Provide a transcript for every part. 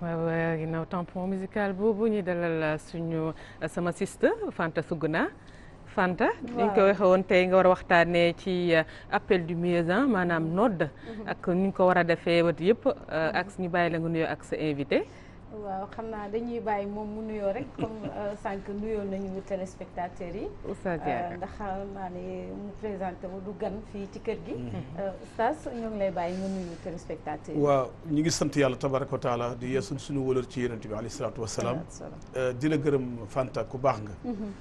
waaw ginnaaw tampon musical boobu ñuy dalal suñu uh, sama sister Fanta Suguna Fanta ni ñu ko waxee tey nga war a waxtaanee ci uh, appel du muezzin maanaam nodd mm-hmm. ak ni ko war a defee wat yëpp uh, mm-hmm. ak suñu bàyyi la nga nuyoo ak sa invité waaw xam naa dañuy bàyyi moom mu nuyoo rek comme euh, sànq nuyoo nañu téléspectateurs yi. Euh, ndax xam naa ne mu présenté wu du gan fii ci kër gi. Mhm. Euh, Oustaz ñoo ngi lay bàyyi nga nuyu téléspectateurs yi. waaw ñu ngi sant yàlla tabaraka wa taala di yeesu suñu wëlër ci yonent bi alayhi salaatu wa di la gërëm Fanta ku baax nga. Mhm.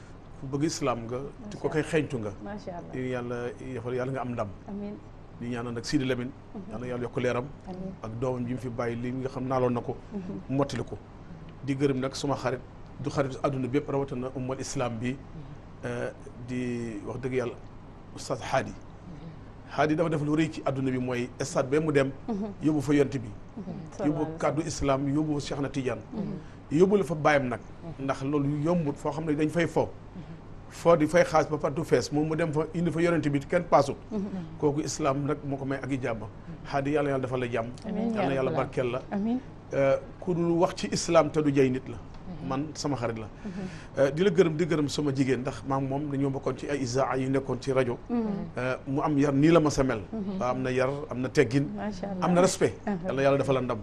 ku bëgg islam nga. ko koy xeeñtu nga. macha yàlla yàlla nga am ndam. di ñaanal nag Sidi Lamine ñaanal yàlla yokk leeram ak doomam ji mu fi bàyyi li nga xam naaloon na ko mhm. mottali ko di gërëm nag suma xarit du xarit àdduna bépp rawatina ummal islam bi mhm. eh, di wax dëgg yàlla oustaz Haadi mhm. Haadi dafa def lu ci adduna bi mooy stade mu dem yóbbu fa yont bi yóbbu kàddu islam yóbbu fa na Tidiane yóbbu la fa bàyyam nag ndax loolu yombut foo xam ne dañ fay fo foo di fay xaas ba par du fees moom mu dem fa indi fa yonent bi kenn paasut mm-hmm. kooku islam nag moo ko may ak i jàmm xaadi yàlla yàlla dafa la jàmm yàlla yàlla barkeel la eh, ku dul wax ci islam te du jay la man sama xarit la mm-hmm. eh, di la gërëm di gërëm sama jigéen ndax maa moom dañoo bokkoon ci ay isaa yu nekkoon ci rajo mm-hmm. eh, mu am yar nii la ma sa mel am na yar am na teggin am na respect uh-huh. yàlla yàlla dafa la ndam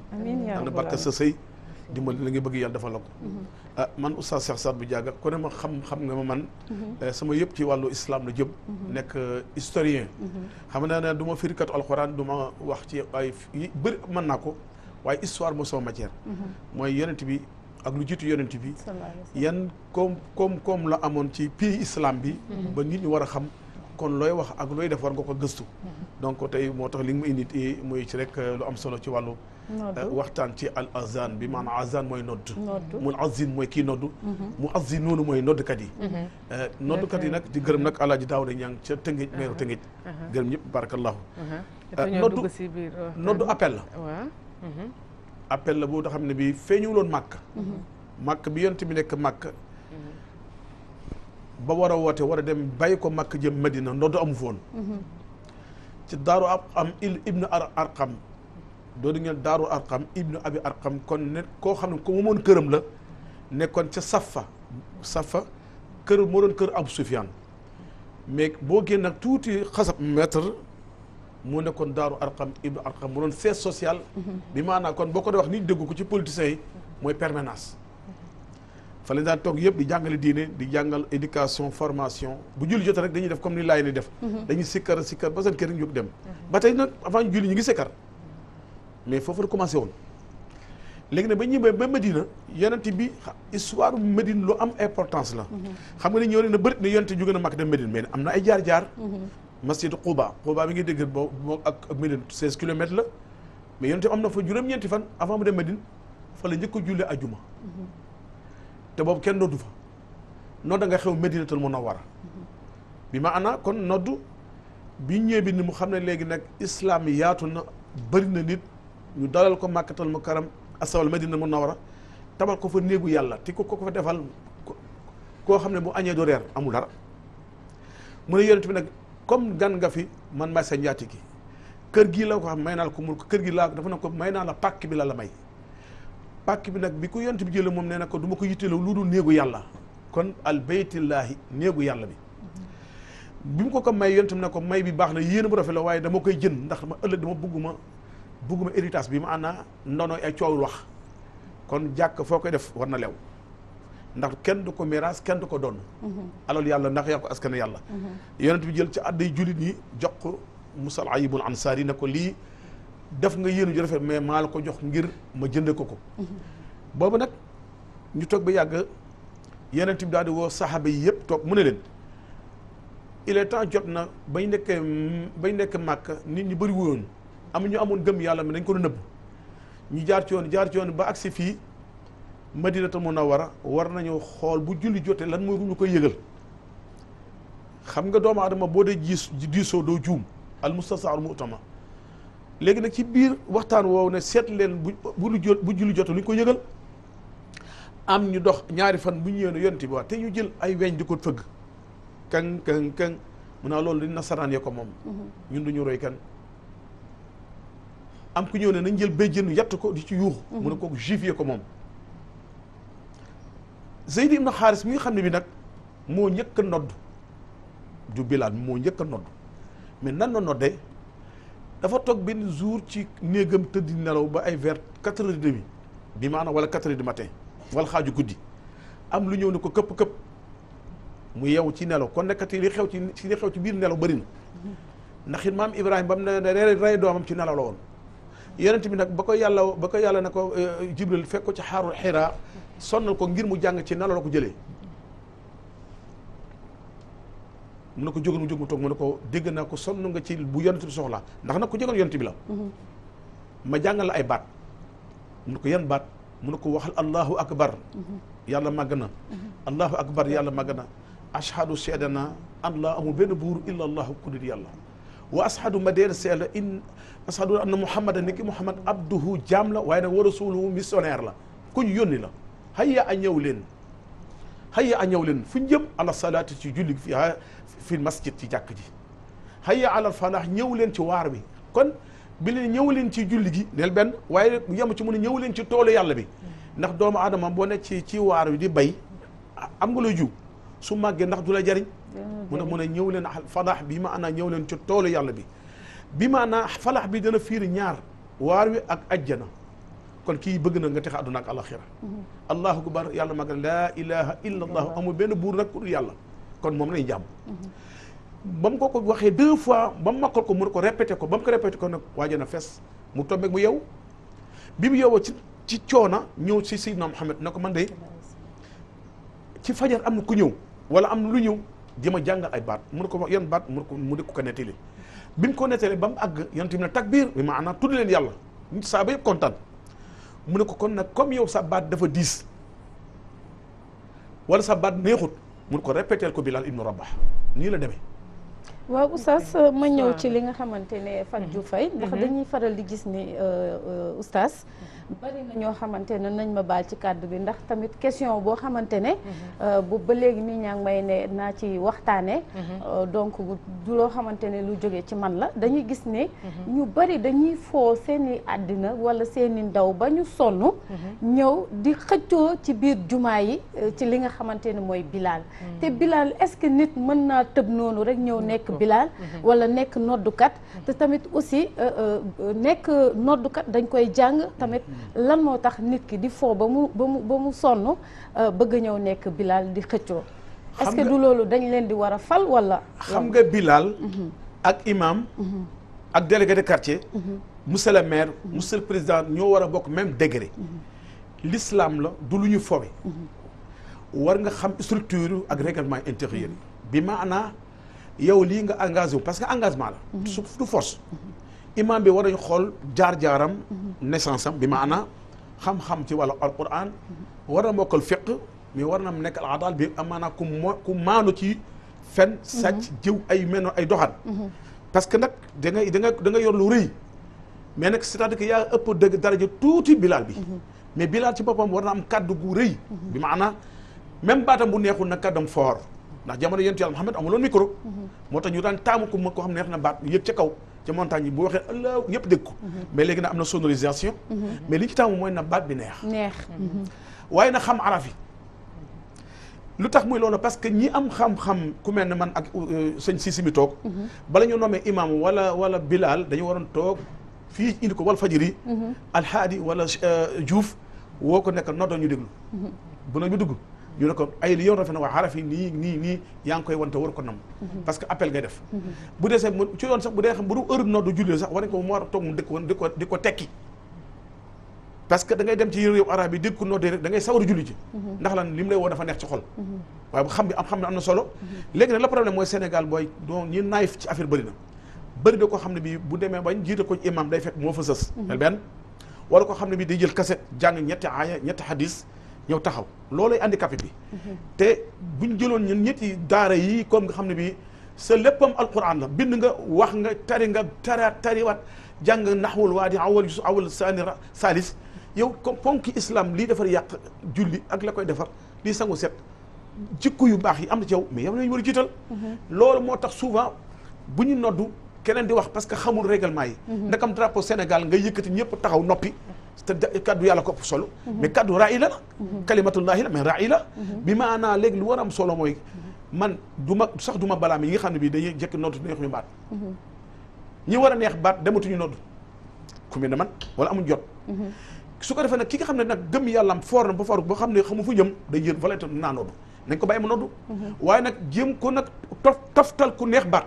am na sa sëy dimbali la nga bëgg yàlla dafa la ko mhm. ah man oustaz Cheikh Saad bu jàgga ku ma xam-xam nga ma man mhm. eh, sama yëpp ci wàllu islam la jëm mhm. nekk eh, historien xam naa ne du ma firikat alxuraan du wax ci ay bëri man naa ko waaye histoire moo sama matière mooy yonent bi ak lu jiitu yonent bi yan koom koom koom la amoon ci pays islam bi ba nit ñi war a xam kon looy wax ak looy def war nga ko gëstu donc tey moo tax li nga ma indi eh, muy ci rek lu am solo ci wàllu Eh, waxtaan ci al azan bi maanaam azan mooy nodd mu azin mooy kii nodd mhm. mu azin noonu mooy noddkat yi mhm. eh, noddkat yi nag di gërëm nag alaaji daaw da ñang ca tëngij meeru tëngij gërëm ñëpp barakallahu eh, noddu oh, noddu appel la mhm. appel la boo da xam ne bi feeñuloon màkk màkk bi yonent bi nekk màkk ba war a woote war a dem bàyyi ko màkk jëm Medina noddu amu foon ci daaru am ibn ar arqam doon ngeen daaru arqam ibnu abi arqam kon ne koo xam ne ko moomoon këram la nekkoon ca saf safa safa kër moo doon kër Abu Sufyaan mais boo génn nag tuuti xasab mètre mu nekkoon daaru arqam ibnu arqam mu doon siège social mhm. bi maanaa kon boo ko dee wax ni dëggu ko ci politiciens yi mooy permanence fa lañ daan toog yëpp di jàngale diine di jàngal éducation formation bu julli jot rek dañuy def comme ni laay ni def mhm. dañuy sikkar sikkar ba seen kër ñu dem mhm. ba ñu ngi sikkar mais foofu la commencé woon léegi nag ba ñëwee ba Medina yonent bi histoire Medine lu am importance la. Mhm. xam nga ni ñëw na bëri na yonent jóge na Makka dem Medine mais am na ay jaar-jaar. Mhm. masjid Quba Quba bi ngi dégg boo moom ak ak Medine 16 la mais yonent am na fa juróom-ñeenti fan avant mu dem Medine fa la njëkk a jullee ajuma. Mhm. te boobu kenn dootu fa noonu da nga xew Medinatul Munawwara bi ma ana kon noddu bi ñëwee ni mu xam ne léegi nag islam yaatu na bëri na nit. ñu dalal ko màkkatal mu karam asawal na mu nawara tabal ko fa néegu yàlla te ko ko fa defal koo xam ne bu añee du reer amul dara mu ne yonent bi nag comme gan nga fi man maay sa njaati gi kër gii la ko xam may naa la ko mul kër gi laa dafa ne ko may naa la pàkk bi la la may pàkk bi nag bi ko yonent bi jëlee moom nee na ko du ma ko yitteelu lu dul néegu yàlla kon al baytillaahi néegu yàlla bi bi mu ko ko may yonent bi ne ko may bi baax na yéen bu rafet la waaye dama koy jën ndax dama ëllëg dama bëgguma bugguma héritage bi ma ànd na ndono ak coowul wax kon jàkk foo koy def war na lew ndax kenn du ko miraas kenn du ko doon mhm. alal yàlla ndax yaa ko askan yàlla mhm. yonent bi jël ci àdday jullit ñi jox ko musal ayibul ansaar yi ko lii def nga yéenu ju rafet mais maa la ko jox ngir ma jënd ko ko mhm. boobu nag ñu toog ba yàgg yonent bi daal di woo saxaaba yi yëpp toog mu ne leen il est temps jot na bañ nekkee bañ nekk màkk nit ñi bëri am ñu amoon gëm yàlla mi dañ ko doon nëbb ñu jaar ci yoon jaar ci ba agsi fii madinatul munawwara war a war nañu xool bu julli jotee lan mooy ñu koy yëgal xam nga doomu aadama boo dee jiis diisoo doo juum al mustasaar mu'tama léegi nag ci biir waxtaan woow ne seet leen bu bu bu julli jotee lu ñu ko yëgal am ñu dox ñaari fan bu ñu yéene yonti bi waa te ñu jël ay weñ di ko fëgg kaŋ kaŋ kaŋ mun naa loolu di nasaraan ya ko moom mm-hmm. ñun duñu roy kan am ku ñëw ne nañ jël béjjën yatt ko di ci yuuxu mu ne kooku juifier ko moom Zeyd ibn Xaaris mi nga xam ne bi nag moo njëkk a nodd du bilaat moo njëkk a nodd mais nan la noddee dafa toog benn jour ci néegam tëdd nelaw ba ay vers quatre heures et demi bi maanaam wala quatre heures du matin wala xaaju guddi am lu ñëw ne ko këpp këpp mu yew ci nelaw kon nekkati li xew ci li xew ci biir nelaw bëri na it maam Ibrahima ba mu ne rey doomam ci nelaw la woon yonent bi nag ba ko yàlla ba ko yàlla na ko eh, jibril fekk ko ci xaarul xiraa sonnal ko ngir mu jàng ci nala la ko jëlee mu ne ko jógal mu jóg mu toog mu ne ko dégg naa ko sonn nga ci bu yonent bi soxla ndax nag ku jógal yonent bi la mhm. ma jàngal la ay baat mu ne ko yan baat mu ne ko waxal allahu akbar mhm. yàlla màgg na mhm. allahu akbar yàlla màgg na ashhadu seedana an laa amul benn buur illa allahu ku yàlla wa ashadu ma deer seet la in ashadu anna muhammadan ni ki muhammad abduhu jaam la waaye nag wa rasuluhu missionnaire la ku ñu yónni la hayya a ñëw leen hayya a ñëw leen fu ñu jëm ala salaati ci julli fi ah, fi masjid ci jàkk ji hayya ala fanaax ñëw leen ci waar bi kon bi leen ñëw leen ci julli gi neel benn waaye yem ci mu ne ñëw leen ci toolu yàlla bi ndax doomu aadama boo nekk ci ci waar wi di bay ah, am nga la jiw su màggee ndax du la jariñ mu ne mu ne ñëw leen fadax bi maanaa ñëw leen ci toolu yàlla bi bi maanaa falax bi dana fiir ñaar waar wi ak ajjana kon kii bëgg na nga texe àdduna ak alaxira mhm. allahu akbar yàlla mag ne laa ilaha illa allahu benn buur nag pour yàlla kon moom lañu jàmm mhm. ba mu ko ko waxee deux fois ba mu makkal ko mu ko répété ko ba mu ko répété ko nag waajo na fes mu tombeeg mu yow bi mu yow ci ci coona ñëw si Seydina ko man de ci fajar am na ku ñëw wala am na lu ñëw di ma jàngal ay baat mu ne ko yan baat mu ne ko mu ne ko nettali bi mu ko nettalee ba mu àgg yonent bi ne takbiir bi maanaam tudd leen yàlla saa ba yëpp kontaan mu ne ko kon nag comme yow sa baat dafa diis wala sa baat neexut mu ne ko répéteel ko Bilal ibnu Rabah nii la demee waaw oustaz ma ñëw ci li nga xamante ne Fatou mhm. Faye ndax mhm. dañuy faral di gis ni euh, euh, oustaz mhm. bari na ñoo xamante ne nañ ma baal ci kàddu bi ndax tamit question boo xamante ne euh, bu ba léegi nii ñaa may ne naa ci waxtaane donc du loo xamante ne lu jóge ci man la dañuy gis ne ñu bari dañuy foo seeni àddina wala seeni ndaw ba ñu sonn ñëw di xëccoo ci biir jumaa yi ci li nga xamante ne mooy Bilal te Bilal est-ce que nit mën naa tëb noonu rek ñëw nekk bilaal mhm. wala nekk noddukat mhm. te tamit aussi euh, euh, nekk noddukat dañ koy jàng tamit mhm. lan moo tax nit ki di foo ba mu ba mu ba mu sonn euh, bëgg ñëw nekk bilaal di xëccoo est-ce que du dañ leen di war a fal wala xam nga bilaal ak imam ak délégué de quartier monsieur maire monsieur président ñoo war a bokk même degré l'islam la du lu ñu fowe war nga xam structure ak règlement intérieur bi maanaa yow lii nga engagé parce que engagement la. Mhm. su du force. bi war nañu xool jaar-jaaram. Mhm. naissance bi maana xam-xam ci wàllu alquran. Mhm. war na mokkal fiq mais war na nekk al adal bi amaana ku mo ku maanu ci fen. sàcc jiw ay meno ay doxan. parce que nag da da da nga yor lu rëy. mais nag c'est-à-dire que yaa ëpp dëgg daraja tuuti bilaal bi. mais bilaal ci boppam war na am kaddu gu rëy. bi maana même baatam bu neexul nag kaddam fort. ndax jamono yonent yàlla Muhammad amuloon micro moo tax ñu daan taamu ko ko xam neex na baat yëg ca kaw ca montagne yi bu waxee allah ñëpp dégg ko mais léegi na am na sonorisation mais li ci taamu mooy na baat bi neex neex waaye na xam araf lu tax muy loolu parce que ñi am xam-xam ku mel man ak euh, sëñ Sisi mi toog bala ñu nommé imam wala wala Bilal dañu waroon toog fii indi ko wal fajiri mhm. alhaadi wala euh, Diouf woo ko nekk noddoo ñu déglu mhm. bu na ñu dugg ñu ne ko ay li yow rafet na waa xaraf nii nii nii yaa ngi koy wante war ko nam mhm. parce que appel ngay def mhm. bu dee sax ci yoon sax bu dee xam bu du heure noddu julli sax war nañ ko mu a toog mu dëkk ko di ko tekki parce que dangay dem ci réew arab yi dégg ko noddee rek da ngay sawar julli ji mhm. ndax lan li mu lay woo dafa neex ci xol waaye bu xam bi am xam ne am na solo léegi nag la problème mooy Sénégal booy don ñi naayif ci affaire bëri na bëri na ko xam ne bi bu demee bañ jiite ko imam day fekk moo fa sës ko xam ne bii day jël kaset jàng ñetti aaya ñetti hadis ñëw taxaw loolu loolay handicapé bi. Mhm. te bu ñu jëloon ñun ñetti daara yi comme nga xam ne bii sa léppam alquran la bind nga wax nga tari nga tara tariwaat jàng naxwul waa di awal yusuf awal saani saalis yow comme ponki islam lii defar yàq julli ak la koy defar lii sangu set jikko yu baax yi am na ci yow mais yow lañu war a jiital. Mhm. loolu moo tax souvent bu ñu noddu keneen di wax parce que xamul règlement yi. Mhm. ndakam drapeau Sénégal nga yëkkati ñëpp taxaw noppi. te kaddu yàlla ko ëpp solo mhm. mais kaddu raay la la mhm. kalimatullahi la mais raay la mhm. bi maanaa léegi lu war am solo mooy man du ma sax du ma balaa mi yi nga xam ne bii dañuy jëkk nootu neex ñu baat ñi war a neex baat dematuñu nootu ku mel ne man wala amuñ jot su ko defee nag ki nga xam ne nag gëm yàllaam foor na ba foor boo xam ne xamu fu jëm day jël valet naa noodu nañ ko bàyyi mu waaye nag jéem ko nag tof toftal ku neex baat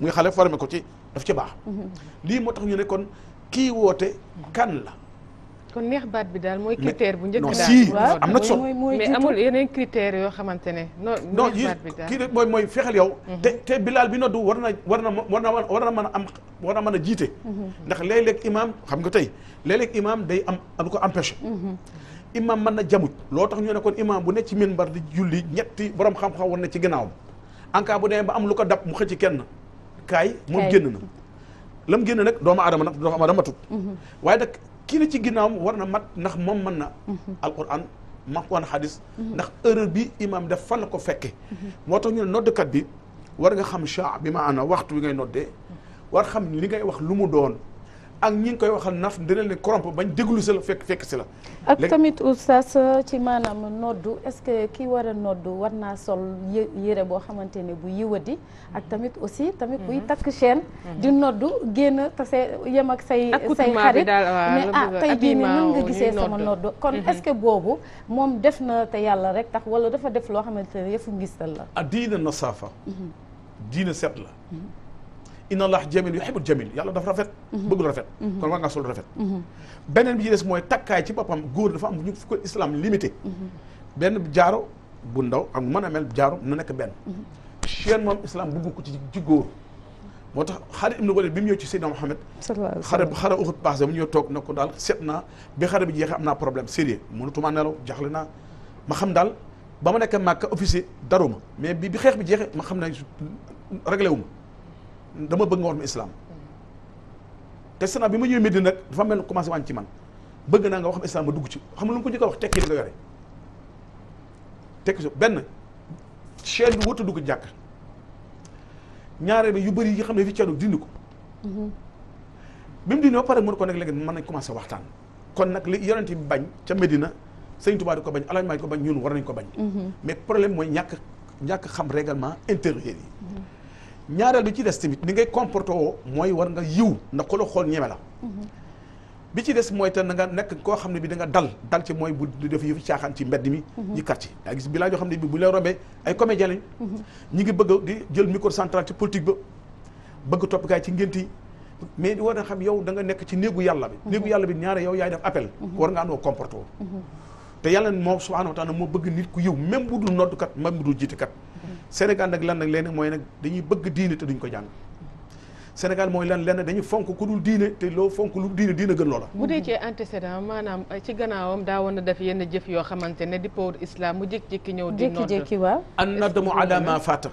muy xale formé ko ci daf ci baax lii moo tax ñu ne kon kii woote kan la kon neex baat bi daal mooy critère bu njëkk daal si am na solo mais amul yeneen ne. non non kii rek mooy fexel fexeel yow. Mhm. te te bilaal bi noddu war na war na war na war na mën a am war na mën a jiite. Mhm. ndax léeg-léeg imaam xam nga tey léeg-léeg imaam day am lu ko empêché. Mhm. imaam mën na jamuj loo tax ñu ne kon imaam bu ne ci minbar di julli ñetti borom xam-xam war na ci gannaawam en bu demee ba am lu ko dab mu xëcc kenn kaay moom génn na. lam génn nag doomu aadama nag doomu aadama tut waaye nag kii la ci ginnaawam war na mat ndax moom man na alquran man ko woon xadis mhm. ndax erreur bi imam def fan la ko fekke mhm. moo tax ñu ne noddkat bi war nga xam cha bi ma ana waxtu wi ngay nodde mhm. war xam li ngay wax lu mu doon ak ñi ngi koy waxal naf dina leen corrompre bañ déglu si la fekk fekk si la. ak tamit oustaz ci maanaam noddu est-ce que kii war a noddu war naa sol yére boo xamante ne bu yiwadi ak tamit aussi tamit buy mhm. takk chaîne. Mhm. di noddu génn tase yem ak say. say xarit mais ah tey jii nii nga gisee sama noddu. kon mhm. est-ce que boobu moom def na te yàlla rek tax wala dafa def loo xamante ne yëfu ngistal la. ah diina nasaafa. diina set la. inna allah jamil yuhibbul jamil yàlla dafa rafet mhm. bëgg lu rafet mhm. kon war ngaa sol rafet mhm. beneen bi ci des mooy takkaay ci boppam góor dafa am ñu fu ko islam limité benn jaaro bu ndaw ak mën a mel jaaro na nekk benn chaîne moom islam bëgg ko ci góor moo tax Xaalid ibn Waliid bi mu ñëw ci Seydina Muhammad xare xare Uhud passé mu toog na ko daal seet naa bi xare bi jeexee am naa problème sérieux mënatuma nelaw jaaxle naa ma xam daal ba ma nekk Màkka officier daruma mais bi bi xeex bi jeexee ma xam ne réglé wu ma dama bëgg nga war ma islam te sana bi ma ñëwee Medina nag dafa mel commencé wàññi ci man bëgg naa nga wax ma islam ma dugg ci xam nga lu ma ko njëkk a wax tekki nga yore tekki benn chaîne bi wëtu dugg jàkk ñaareel bi yu bëri yi xam ne fi ceedu dindi ko mhm. bi mu dindi ba pare mën ko nekk léegi mën nañ commencé waxtaan kon nag li yonent bi bañ ca Medina sëñ Tuubaa di ko bañ alaaj maa ko bañ ñun war nañ ko bañ mhm. mais problème mooy ñàkk ñàkk xam règlement ñaareel bi ci des tamit ni ngay comporté woo mooy war nga yiw ndax ku xool ñeme la bi ci des mooy te na nga nekk koo xam ne bi danga nga dal dal ci mooy bu def yëfu caaxaan ci mbedd mi ñi mhm. quartier daa gis bilaa yoo xam ne bi bu lay rombee ay comédien lañ mhm. ñi ngi bëgg di jël micro central ci politique ba bëgg toppkaay ci yi mais di war na xam yow danga nekk ci néegu yàlla bi mhm. néegu yàlla bi ñaare yow yaay def appel war nga andoo comporté woo te yàlla moo subhanahu wa taala moo bëgg nit ku yiw même bu dul noddukat même bu dul jiitekat Sénégal nag lan nag leen mooy nag dañuy bëgg diine te duñ ko jàng Sénégal mooy lan lenn dañu fonk ku dul diine te loo fonk lu diine diine gën loola. bu dee ci antécédent maanaam ci gannaawam daawoon na def yenn jëf yoo xamante ne di pooru islam mu jékki-jékki ñëw. di nodd jékki-jékki waaw. an nadamu ala ma fata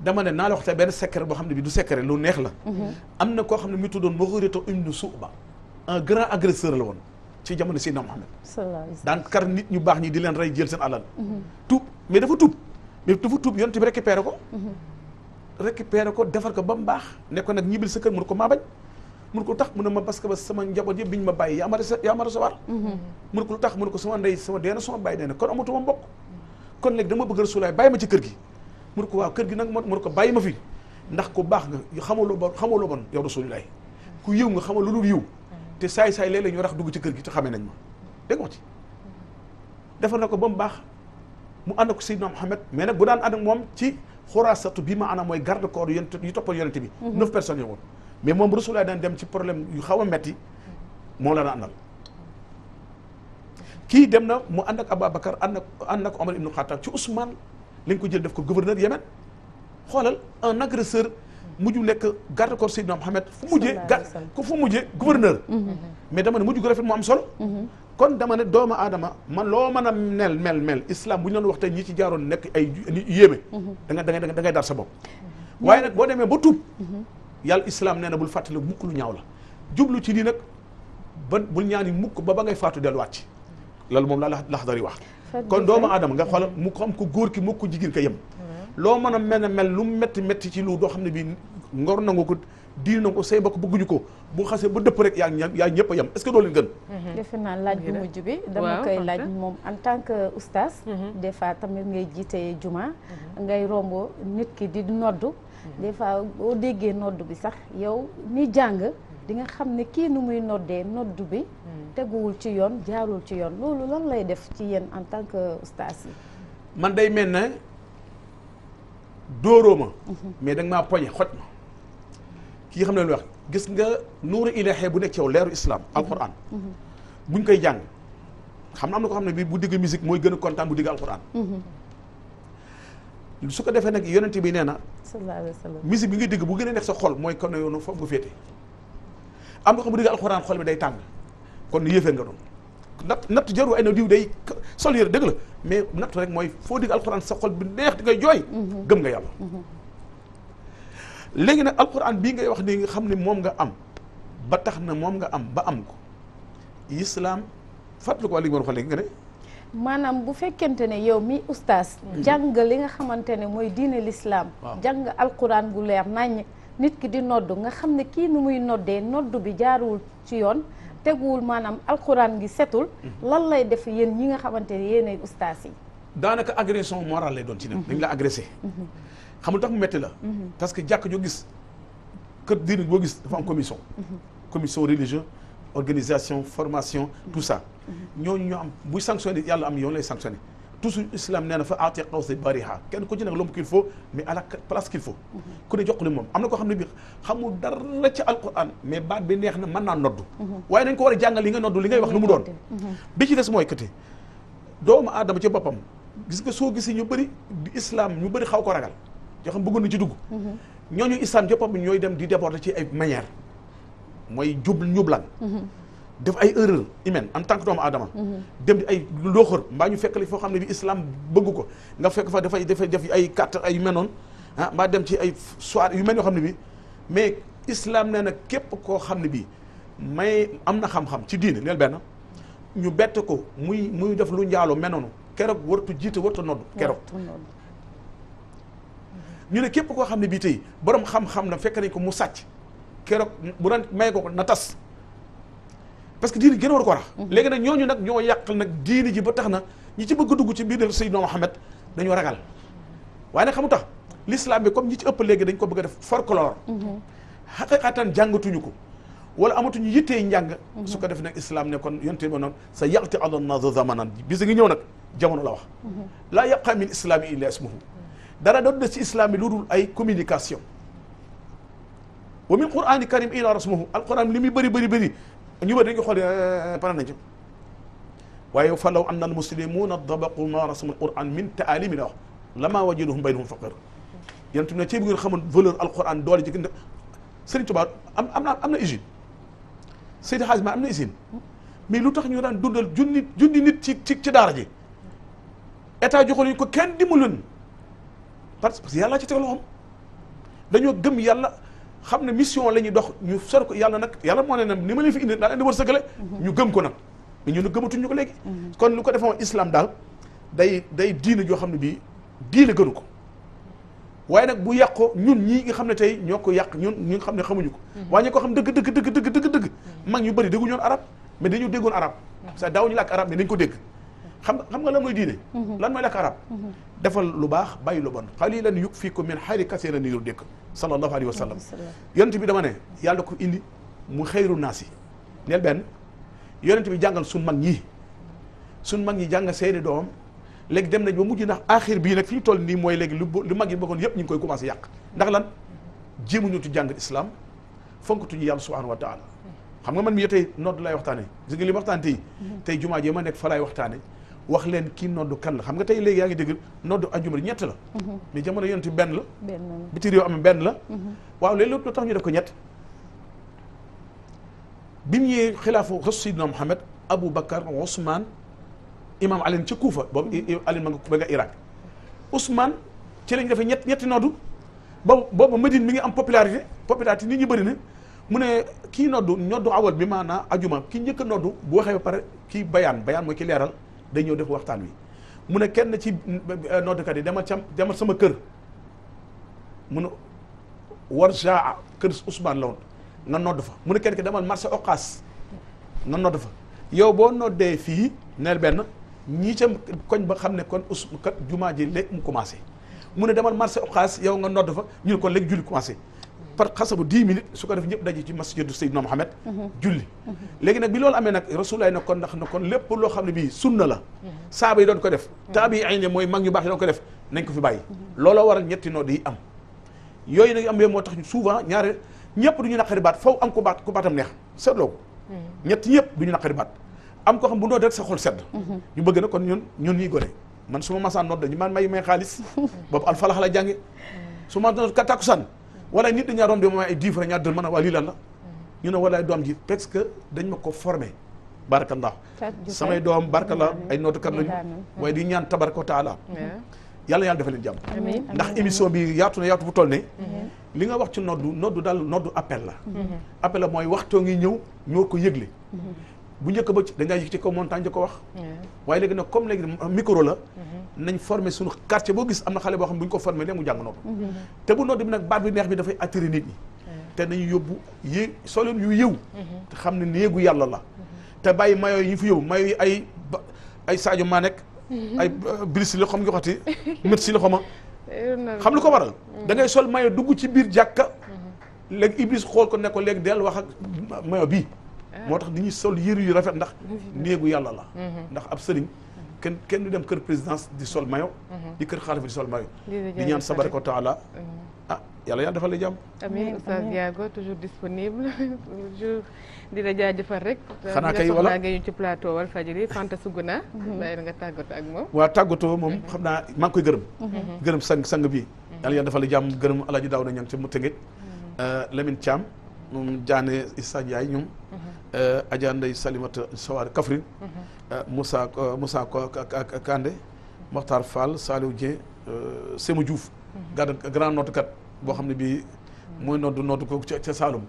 dama ne naa la waxte benn secret boo xam ne bi du secret lu neex la. Mhm. am na koo xam ne mi tuddoon Mughirata ibn Shu'ba un grand agresseur la woon ci jamono Seydina Muhammad. daan kar nit ñu baax ñi di leen rey jël seen alal. Mhm. tuub mais dafa tuub. mais dafa tuub yonent bi récupéré ko mhm. récupéré ko defar ko ba mu baax ne ko nag ñibbil sa kër mun ko maa bañ mun ko lu tax mun ne ma parce que ba sama njaboot yëpp biñ ma bàyyi yaa ma yaa ma recevoir mhm. mun ko lu tax mun ko sama ndey sama dee na sama bàyyi dee na kon amatuma mbokk kon léegi dama bëgg Rasulaay bàyyi ma ci kër gi mun ko waaw kër gi nag moo mun ko bàyyi ma fi ndax ku baax nga xamaloo bon xamaloo bon yow Rasulaay ku yiw nga xamal lu dul yiw te saay saay léeg-léeg ñu rax dugg ci kër gi te xamee nañ ma dégg nga ci na ko ba mu baax mu ànd ak Seydina Mohamed mais nag bu daan ànd ak moom ci to bi ma ana mooy garde corps yu yu toppoon yonente bi mhm. neuf personnes yo woon mais moom Rasulullah daan dem ci problème yu xaw a metti moom la daan àndal dem na mu ànd ak Ababacar ànd ak ànd ak Omar ibnu Xattaab ci Ousmane lañ ko jël def ko gouverneur Yémen xoolal un nagre mujj mu garde nekk Seydina Mohamed fu mujjee gar ku fu mujjee gouverneur mhm. mais dama ne mujj gu rafet mu am solo mhm. kon dama ne doomu aadama man loo mën a mel mel mel islaam bu ñu doon wax tey ñi ci jaaroon nekk ay yéeme. Mhm. da nga da nga da ngay dar sa bopp. Mhm. waaye nag boo demee ba tuub. Mhm. yàlla islam nee na bul fàttali mukk lu ñaaw la jublu ci nii nag ba bul ñaani mukk ba ba ngay faatu delluwaat ci loolu moom laa la Laxdari wax. kon doomu aadama nga xoolal mu xam ko góor ki mukk jigéen ko yem. loo mën a mel ne mel lu metti metti ci lu doo xam ne bii ngor nangu ko. diir na ko say mbokk bëgguñu ko bu xasee ba dëpp rek yaa yaa ñëpp a yem est-ce que doo leen gën mhm. defe naa laaj bu mujj bi dama koy laaj moom en tant que oustaz mhm. des fois tamit ngay jiite juma mhm. ngay rombo nit ki di noddu des fois boo déggee noddu bi sax yow ni jàng di nga xam ne kii nu muy noddee noddu bi teguwul ci yoon jaarul ci yoon loolu lan lay def ci yéen en tant que oustaz yi man day mel ne dóoroo ma mais da nga maa poñe xoj ma ki nga xam ne lu wax gis nga nuuru ilaahi bu nekk ci yow leeru islam mhm. alquran mhm. buñ koy jàng xam na am na ko xam ne bi bu digg musique mooy gën a kontaan bu digg alquran mhm. su ko defee nag yonent bi nee na sallallahu alayhi bi nga digg bu gën a nekk sa xol mooy kon ne yoonu foofu nga féete am na ko bu digg alquran xol bi day tàng kon yéefee nga doon natt natt jaru ay na diw day sol yére dëgg la mais natt rek mooy foo digg alquran sa xol bi neex di ngay léegi nag alquran bii ngay wax nii xam ne moom nga am ba tax na moom nga am ba am ko islam fàttali ko waa li nga war a wax nga ne. maanaam bu fekkente ne yow mi ustaas. Mhm. jàng li nga xamante ne mooy diine lislaam jàng alquran gu leer nàññ nit ki di nodd nga xam ne kii nu muy noddee nodd bi jaaruwul ci yoon. teguwul maanaam alquran gi setul. Mhm. lan lay def yéen ñi nga xamante ne yéenay ustaas yi. daanaka agression morale lay doon ci dem. Mhm. dañ la agressé. xamul tax mu métti la. Mhm. parce que jàkk joo gis kër diine boo gis dafa am commission. Mhm. commission religieux organisation formation mhm. tout ça. ñooñu ñoo am buy sanctionné yàlla am yoon lay sanctionné toujours islam nee na fa aati xaw sa bariha kenn ku ci nekk l'homme qu'il faut mais à la place qu'il faut. ku ne jox ko moom am na koo xam ne bi xamul dara ci alquran mais baat bi neex na mën naa noddu. waaye nañ ko war a jàngal li nga noddu li ngay wax lu mu doon. bi ci des mooy que doomu aadama ci boppam gis nga soo gisee ñu bëri islam ñu bëri xaw ko ragal. yoo xam bëggoon na ci dugg. Mhm. ñooñu islam yëpp am ñooy dem di déborder ci ay manière mooy jub ñublan mhm. def ay erreur humaine en tant que adama aadama. Mhm. dem di ay looxër mbaa ñu fekk la foo xam ne bi islam bëgg ko nga fekk fa dafay dafay def ay carte ay yu mel noonu ah, dem ci ay soirée yu mel yoo xam ne bi mais islam nee na képp koo xam ne bii may am na xam-xam ci diine leel benn ñu bett ko muy muy def lu njaaloo menoonu noonu keroog wartu jiite wartu nodd keroog ñu ne képp koo xam ne bii tey boroom xam-xam na fekk nañ ko mu sàcc keroog bu doon may ko na tas parce que diine gën war ko rax a mhm. léegi nag ñooñu nag ñoo yàq nag diine ji ba tax na ñi ci bëgg a dugg ci biir Seydina Muhammad dañoo ragal waaye nag xamu tax l'islam bi comme ñi ci ëpp léegi dañ ko bëgg a def folklore mhm. xaqiqatan jàngatuñu ko wala amatuñu yittee njàng mhm. su ko def nag islam ne kon yonte ba sa yaqti adon nazo zamanan bis ngi ñëw nag jamono la wax laa yaqa min islami illa ismuhu dara doon des ci islam bi lu dul ay communication wa min qur'ani karim ila rasmuhu alquran li muy bëri bëri bëri ñu bëri dañu xool eh, pare nañ ci waaye fa law anna almuslimuna dabaqu ma rasmu alquran min taalimi la wax lama wajaduhum baynahum faqir yéen itam ne ci bi ngeen xamoon valeur alquran doole ji gën Sëriñ am am na am na usine am na usine mais lu tax ñu daan dundal junni nit ci ci ci daara ji état joxoon kenn dimbaluñ parce que yàlla ci teg loxoom dañoo gëm yàlla xam ne mission la ñuy dox ñu sor ko yàlla nag yàlla moo ne nag ni ma leen fi indi daa leen di wërsëgale mhm. ñu gëm ko nag ñu ñun gëmatuñu ko léegi mhm. kon lu ko defoon islam daal day day diine joo xam ne bii diine gënu ko waaye nag bu yàq yàqoo ñun ñii nga xam ne tey ñoo ko yàq ñun ñi xam ne xamuñu ko mhm. waaye ñi ko xam dëgg dëgg dëgg dëgg dëgg dëgg mag ñu bëri dégguñoon arab mais dañu déggoon arab sa daaw ñu làkk arab mais dañ ko dégg xam nga xam nga lan mooy diine mhm. lan mooy lekk arab mhm. defal lu baax bàyyi lu bon xalilan yukfikum min xayri kasiran yur dëkk sallallahu alayhi wa sallam yonent bi dama ne yàlla ko indi mu xayru naas yi neel benn yonent bi jàngal suñ mag ñi sun mag ñi jàngal seeni doom léegi dem nañ ba mujj ndax axir bii nag fi ñu toll nii mooy léegi lu lu mag yi bokkoon yëpp ñu ngi koy commencé yàq ndax lan jéemuñu tu jàng islam fonkatuñu yàlla subhanahu wa taala xam nga man mi yo tey nodd laay waxtaane tey mhm. tey jumaa ma nekk fa laay waxtaane wax leen kii noddu kan la xam nga tey léegi yaa ngi dégg noddu ajuma ñett la mhm. mais jamono yonent benn la biti réew am benn la mhm. waaw lépp lu tax ñu def ko ñett bi mu ñëwee xilaafu Abu Bakar Ousmane imam Alin ci Kuufa boobu Alin ma nga ba nga ci lañ defee ñett ñetti noddu boobu boobu Madine mi ngi am popularité popularité nit ñi bëri na mu ne kii noddu noddu awal bi maanaa ajuma ki njëkk a noddu bu waxee ba pare kii bayaan bayaan mooy ki leeral day ñëw def waxtaan wi mu ne kenn ci euh, noddkat yi demal cam demal sama kër mu ne war jaa kër Ousmane la woon nga nodd fa mu ne kenn ki demal marché okas nga nodd fa yow boo noddee fii neel benn ñii ca koñ ba xam ne kon us kat jumaa ji léegi mu commencé mu ne demal marché okas yow nga nodd fa ñu ne kon léegi julli commencé par xasabu dix minutes su ko def ñëpp daje ci masjidu Seydina Mohamed mhm. julli mhm. Mhm. ko def taabi moo tax souvent ñaare ñëpp du ñu naqari baat faw am ku baat ku baatam neex seetloo ko ñett ñëpp du ñu sedd kon ñun ñun ñuy gone su ma masaan nodd dañu man may may xaalis boobu alfalax jànge su ma nodd ka wala nit dañaa romb de moom ay 10 francs ñaar a waa lii lan la ñu ne walaay doom ji parce que dañ ma ko formé barakallah samay doom barakallah ay nootukat lañu waaye di ñaan tabaraka wa taala yàlla yàlla dafa leen jàmm ndax émission bi yaatu na yaatu bu toll ne li nga wax ci noddu noddu daal noddu appel la mm-hmm. appel la mooy waxtoo ngi ñëw ñoo ko yëgle mm-hmm. bu njëkk ba dañ daa yëg ci kaw montagne di ko wax waaye léegi nag comme léegi micro la mm-hmm. nañ formé sunu quartier boo gis am na xale boo xam ne bu ñu ko formé léegi mu jàng nopp mm-hmm. te bu noddi bi nag baat bi neex bi dafay attiré nit ñi mm-hmm. te nañu yóbbu yéeg soo leen yu yëw mm-hmm. te xam ne néegu yàlla la te bàyyi mayo yi ñu fi yóbbu mayo yi ay ay Sadio Mané nekk ay euh, Brésil la xam nga xati Messi la xoma xam lu ko waral da ngay sol mayo dugg ci biir jàkka léegi Iblis xool ko ne ko léegi mayo bii ah. moo tax dañuy sol yëru yu rafet ndax yàlla la ab sëriñ kenn kenn du dem kër présidence di sol maillot mhm. di kër xaalifa di sol maillot di ñaan sabaraka taala mhm. ah yàlla yàlla defal la jàmm amiin oustaz Diago toujours disponible toujours di la jaajëfal rek xanaa kay wala nga ñu ci plateau wal fajiri Fanta Suguna mhm. bàyyi nga tàggatoo ak moom waaw tàggatoo moom xam naa maa ngi koy gërëm sang sang euh, ñoom Euh, Adja Ndeye Salimata Sawar Kaffrine mm-hmm. euh, Moussa euh, Moussa Kandé Mokhtar Fall Saliou Dieng Sémou Diouf mm-hmm. grand boo xam ne bii mm-hmm. mooy noddu noddu ko ca Saloum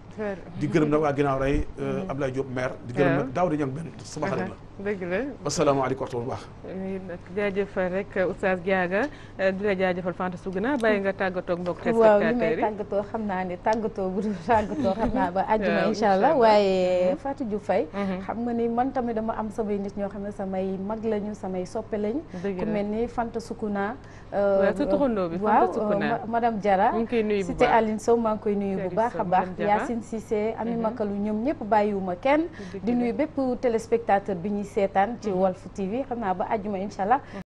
di gërëm nag waa ginnaaw rey Abdoulaye Diop maire di gërëm nag daaw di ñang benn sama xarit uh-huh. dëgg la asalaamaaleykum waxtu bu baax jaajëfal rek Oustaz Diaga di la jaajëfal Fanta Sougna bàyyi nga tàggatoo ak mbokk téléspectateurs yi waaw xam naa ne tàggatoo bu dul tàggatoo xam ba àjjuma incha allah waaye mm-hmm. Fatou Diouf Faye mm-hmm. xam nga ni man tamit dama am samay nit ñoo xam ne samay mag lañu samay soppe lañu ku mel ni Fanta Sougna euh, sa toxandoo bi Fanta Sougna waaw madame Diarra cité Aline Sow maa ngi koy nuyu bu baax a baax Yacine Cissé Ami mm-hmm. Makalu ñoom ñëpp bàyyiwuma kenn di nuyu bépp téléspectateur bi ñu seetaan ci mm-hmm. Walf TV xam naa ba àjjuma incha allah mm-hmm.